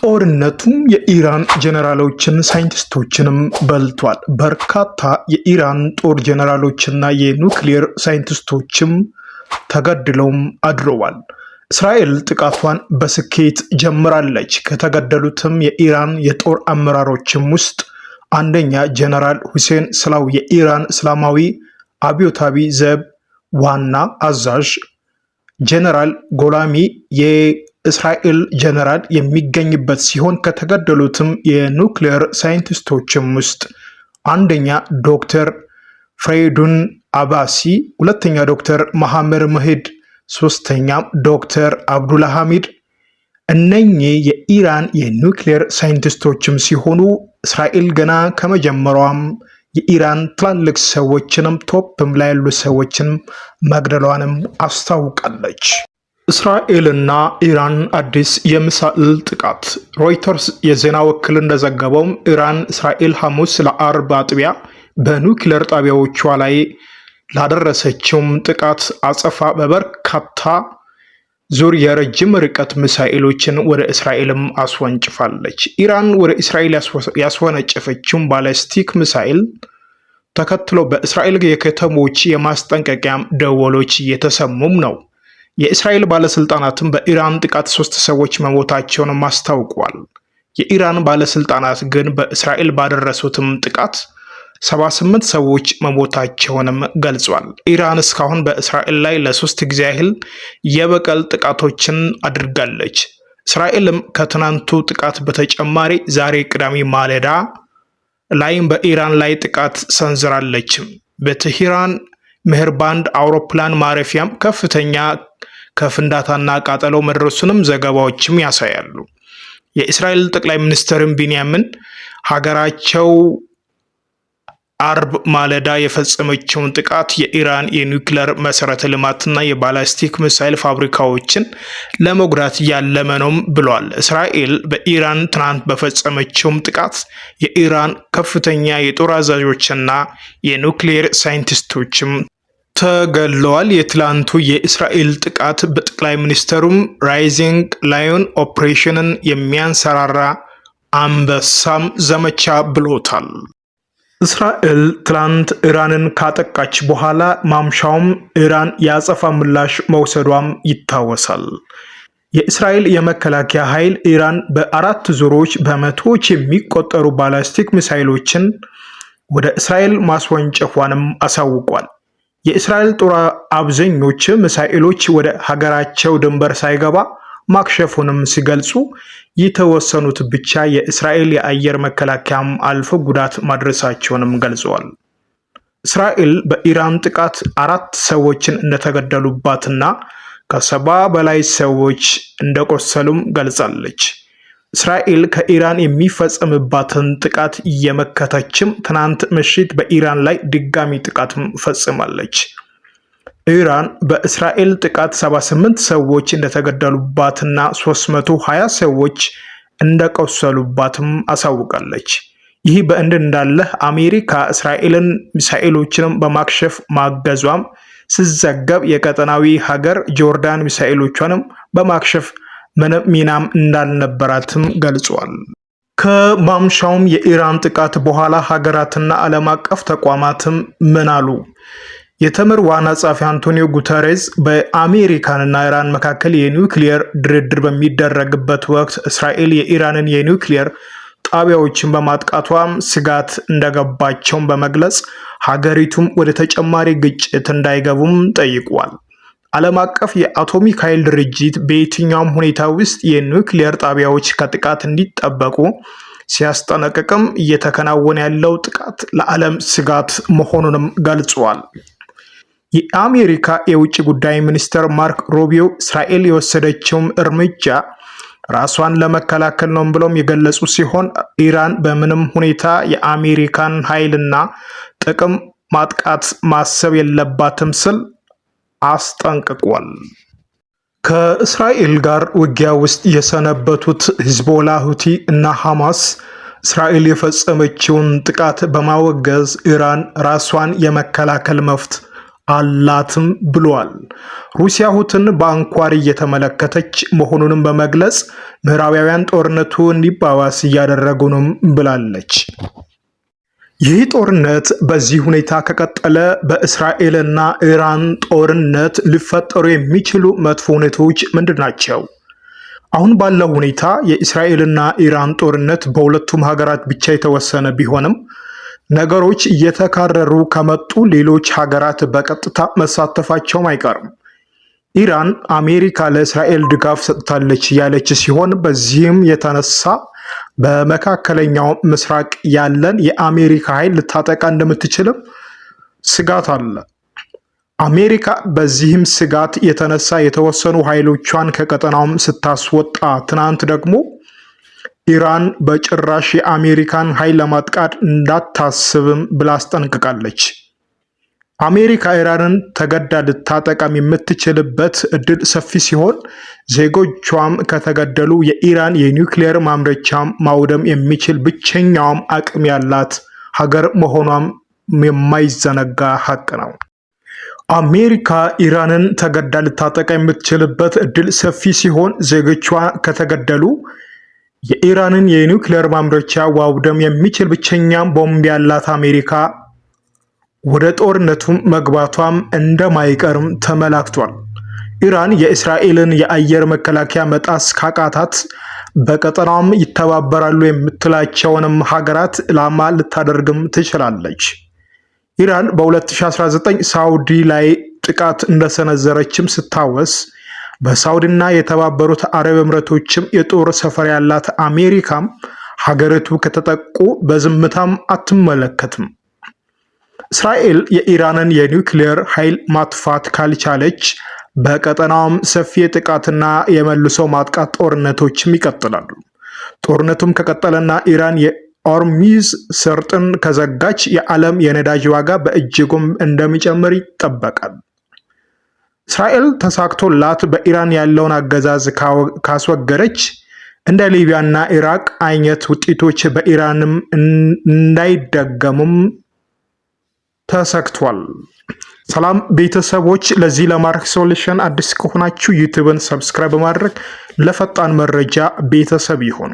ጦርነቱም የኢራን ጀነራሎችን ሳይንቲስቶችንም በልቷል። በርካታ የኢራን ጦር ጀነራሎችና የኑክሌር ሳይንቲስቶችም ተገድለውም አድረዋል። እስራኤል ጥቃቷን በስኬት ጀምራለች። ከተገደሉትም የኢራን የጦር አመራሮችም ውስጥ አንደኛ ጀነራል ሁሴን ስላው የኢራን እስላማዊ አብዮታዊ ዘብ ዋና አዛዥ ጀነራል ጎላሚ እስራኤል ጀነራል የሚገኝበት ሲሆን ከተገደሉትም የኑክሌር ሳይንቲስቶችም ውስጥ አንደኛ ዶክተር ፍሬዱን አባሲ፣ ሁለተኛ ዶክተር መሐመድ መሄድ ሶስተኛም ዶክተር አብዱላ ሐሚድ እነኚህ የኢራን የኑክሌር ሳይንቲስቶችም ሲሆኑ እስራኤል ገና ከመጀመሯም የኢራን ትላልቅ ሰዎችንም ቶፕም ላይ ያሉ ሰዎችንም መግደሏንም አስታውቃለች። እስራኤልና ኢራን አዲስ የሚሳኤል ጥቃት። ሮይተርስ የዜና ወኪል እንደዘገበውም ኢራን እስራኤል ሐሙስ ለአርብ አጥቢያ በኑክሌር ጣቢያዎቿ ላይ ላደረሰችውም ጥቃት አጸፋ በበርካታ ዙር የረጅም ርቀት ሚሳኤሎችን ወደ እስራኤልም አስወንጭፋለች። ኢራን ወደ እስራኤል ያስወነጨፈችውን ባለስቲክ ሚሳኤል ተከትሎ በእስራኤል የከተሞች የማስጠንቀቂያ ደወሎች እየተሰሙም ነው። የእስራኤል ባለስልጣናትም በኢራን ጥቃት ሶስት ሰዎች መሞታቸውን አስታውቋል። የኢራን ባለስልጣናት ግን በእስራኤል ባደረሱትም ጥቃት 78 ሰዎች መሞታቸውንም ገልጿል። ኢራን እስካሁን በእስራኤል ላይ ለሶስት ጊዜ ያህል የበቀል ጥቃቶችን አድርጋለች። እስራኤልም ከትናንቱ ጥቃት በተጨማሪ ዛሬ ቅዳሜ ማለዳ ላይም በኢራን ላይ ጥቃት ሰንዝራለችም በትሄራን ምህርባንድ አውሮፕላን ማረፊያም ከፍተኛ ከፍንዳታና ቃጠለው መድረሱንም ዘገባዎችም ያሳያሉ። የእስራኤል ጠቅላይ ሚኒስትርን ቢንያምን ሀገራቸው አርብ ማለዳ የፈጸመችውን ጥቃት የኢራን የኒውክለር መሰረተ ልማትና የባላስቲክ ሚሳይል ፋብሪካዎችን ለመጉዳት ያለመ ነውም ብሏል። እስራኤል በኢራን ትናንት በፈጸመችውም ጥቃት የኢራን ከፍተኛ የጦር አዛዦችና የኒውክሌር ሳይንቲስቶችም ተገለዋል የትላንቱ የእስራኤል ጥቃት በጠቅላይ ሚኒስትሩም ራይዚንግ ላዮን ኦፕሬሽንን የሚያንሰራራ አንበሳም ዘመቻ ብሎታል። እስራኤል ትላንት ኢራንን ካጠቃች በኋላ ማምሻውም ኢራን የአጸፋ ምላሽ መውሰዷም ይታወሳል። የእስራኤል የመከላከያ ኃይል ኢራን በአራት ዙሮች በመቶዎች የሚቆጠሩ ባላስቲክ ሚሳይሎችን ወደ እስራኤል ማስወንጨፏንም አሳውቋል። የእስራኤል ጦር አብዘኞች ሚሳኤሎች ወደ ሀገራቸው ድንበር ሳይገባ ማክሸፉንም ሲገልጹ፣ የተወሰኑት ብቻ የእስራኤል የአየር መከላከያም አልፎ ጉዳት ማድረሳቸውንም ገልጸዋል። እስራኤል በኢራን ጥቃት አራት ሰዎችን እንደተገደሉባትና ከሰባ በላይ ሰዎች እንደቆሰሉም ገልጻለች። እስራኤል ከኢራን የሚፈጸምባትን ጥቃት እየመከተችም ትናንት ምሽት በኢራን ላይ ድጋሚ ጥቃት ፈጽማለች። ኢራን በእስራኤል ጥቃት 78 ሰዎች እንደተገደሉባትና 320 ሰዎች እንደቆሰሉባትም አሳውቃለች። ይህ በእንዲህ እንዳለ አሜሪካ እስራኤልን ሚሳኤሎችንም በማክሸፍ ማገዟም ሲዘገብ የቀጠናዊ ሀገር ጆርዳን ሚሳኤሎቿንም በማክሸፍ ሚናም እንዳልነበራትም ገልጿል። ከማምሻውም የኢራን ጥቃት በኋላ ሀገራትና ዓለም አቀፍ ተቋማትም ምን አሉ? የተመድ ዋና ጸሐፊ አንቶኒዮ ጉተሬዝ በአሜሪካንና ኢራን መካከል የኒውክሊየር ድርድር በሚደረግበት ወቅት እስራኤል የኢራንን የኒውክሊየር ጣቢያዎችን በማጥቃቷም ስጋት እንደገባቸውን በመግለጽ ሀገሪቱም ወደ ተጨማሪ ግጭት እንዳይገቡም ጠይቋል። ዓለም አቀፍ የአቶሚክ ኃይል ድርጅት በየትኛውም ሁኔታ ውስጥ የኒውክሊየር ጣቢያዎች ከጥቃት እንዲጠበቁ ሲያስጠነቅቅም እየተከናወነ ያለው ጥቃት ለዓለም ስጋት መሆኑንም ገልጿል። የአሜሪካ የውጭ ጉዳይ ሚኒስትር ማርክ ሩቢዮ እስራኤል የወሰደችውም እርምጃ ራሷን ለመከላከል ነው ብሎም የገለጹ ሲሆን ኢራን በምንም ሁኔታ የአሜሪካን ኃይልና ጥቅም ማጥቃት ማሰብ የለባትም ስል አስጠንቅቋል። ከእስራኤል ጋር ውጊያ ውስጥ የሰነበቱት ሂዝቦላ፣ ሁቲ እና ሐማስ እስራኤል የፈጸመችውን ጥቃት በማወገዝ ኢራን ራሷን የመከላከል መፍት አላትም ብሏል። ሩሲያ ሁትን በአንኳር እየተመለከተች መሆኑንም በመግለጽ ምዕራባውያን ጦርነቱ እንዲባባስ እያደረጉንም ብላለች። ይህ ጦርነት በዚህ ሁኔታ ከቀጠለ በእስራኤልና ኢራን ጦርነት ሊፈጠሩ የሚችሉ መጥፎ ሁኔታዎች ምንድን ናቸው? አሁን ባለው ሁኔታ የእስራኤልና ኢራን ጦርነት በሁለቱም ሀገራት ብቻ የተወሰነ ቢሆንም ነገሮች እየተካረሩ ከመጡ ሌሎች ሀገራት በቀጥታ መሳተፋቸውም አይቀርም። ኢራን አሜሪካ ለእስራኤል ድጋፍ ሰጥታለች ያለች ሲሆን በዚህም የተነሳ በመካከለኛው ምስራቅ ያለን የአሜሪካ ኃይል ልታጠቃ እንደምትችልም ስጋት አለ። አሜሪካ በዚህም ስጋት የተነሳ የተወሰኑ ኃይሎቿን ከቀጠናውም ስታስወጣ፣ ትናንት ደግሞ ኢራን በጭራሽ የአሜሪካን ኃይል ለማጥቃት እንዳታስብም ብላ አስጠንቅቃለች። አሜሪካ ኢራንን ተገዳ ልታጠቃም የምትችልበት እድል ሰፊ ሲሆን ዜጎቿም ከተገደሉ የኢራን የኒውክሌር ማምረቻ ማውደም የሚችል ብቸኛውም አቅም ያላት ሀገር መሆኗም የማይዘነጋ ሀቅ ነው። አሜሪካ ኢራንን ተገዳ ልታጠቃ የምትችልበት እድል ሰፊ ሲሆን ዜጎቿ ከተገደሉ የኢራንን የኒውክሌር ማምረቻ ዋውደም የሚችል ብቸኛም ቦምብ ያላት አሜሪካ ወደ ጦርነቱም መግባቷም እንደማይቀርም ተመላክቷል። ኢራን የእስራኤልን የአየር መከላከያ መጣስ ካቃታት በቀጠናውም ይተባበራሉ የምትላቸውንም ሀገራት ኢላማ ልታደርግም ትችላለች። ኢራን በ2019 ሳውዲ ላይ ጥቃት እንደሰነዘረችም ስታወስ በሳውዲና የተባበሩት አረብ እምረቶችም የጦር ሰፈር ያላት አሜሪካም ሀገሪቱ ከተጠቁ በዝምታም አትመለከትም። እስራኤል የኢራንን የኒውክሊየር ኃይል ማጥፋት ካልቻለች በቀጠናውም ሰፊ የጥቃትና የመልሶ ማጥቃት ጦርነቶችም ይቀጥላሉ። ጦርነቱም ከቀጠለና ኢራን የኦርሚዝ ሰርጥን ከዘጋች የዓለም የነዳጅ ዋጋ በእጅጉም እንደሚጨምር ይጠበቃል። እስራኤል ተሳክቶላት በኢራን ያለውን አገዛዝ ካስወገደች እንደ ሊቢያና ኢራቅ አይነት ውጤቶች በኢራንም እንዳይደገሙም ተሰክቷል። ሰላም ቤተሰቦች፣ ለዚህ ለማርክ ሶሉሽን አዲስ ከሆናችሁ ዩቲዩብን ሰብስክራይብ በማድረግ ለፈጣን መረጃ ቤተሰብ ይሆኑ።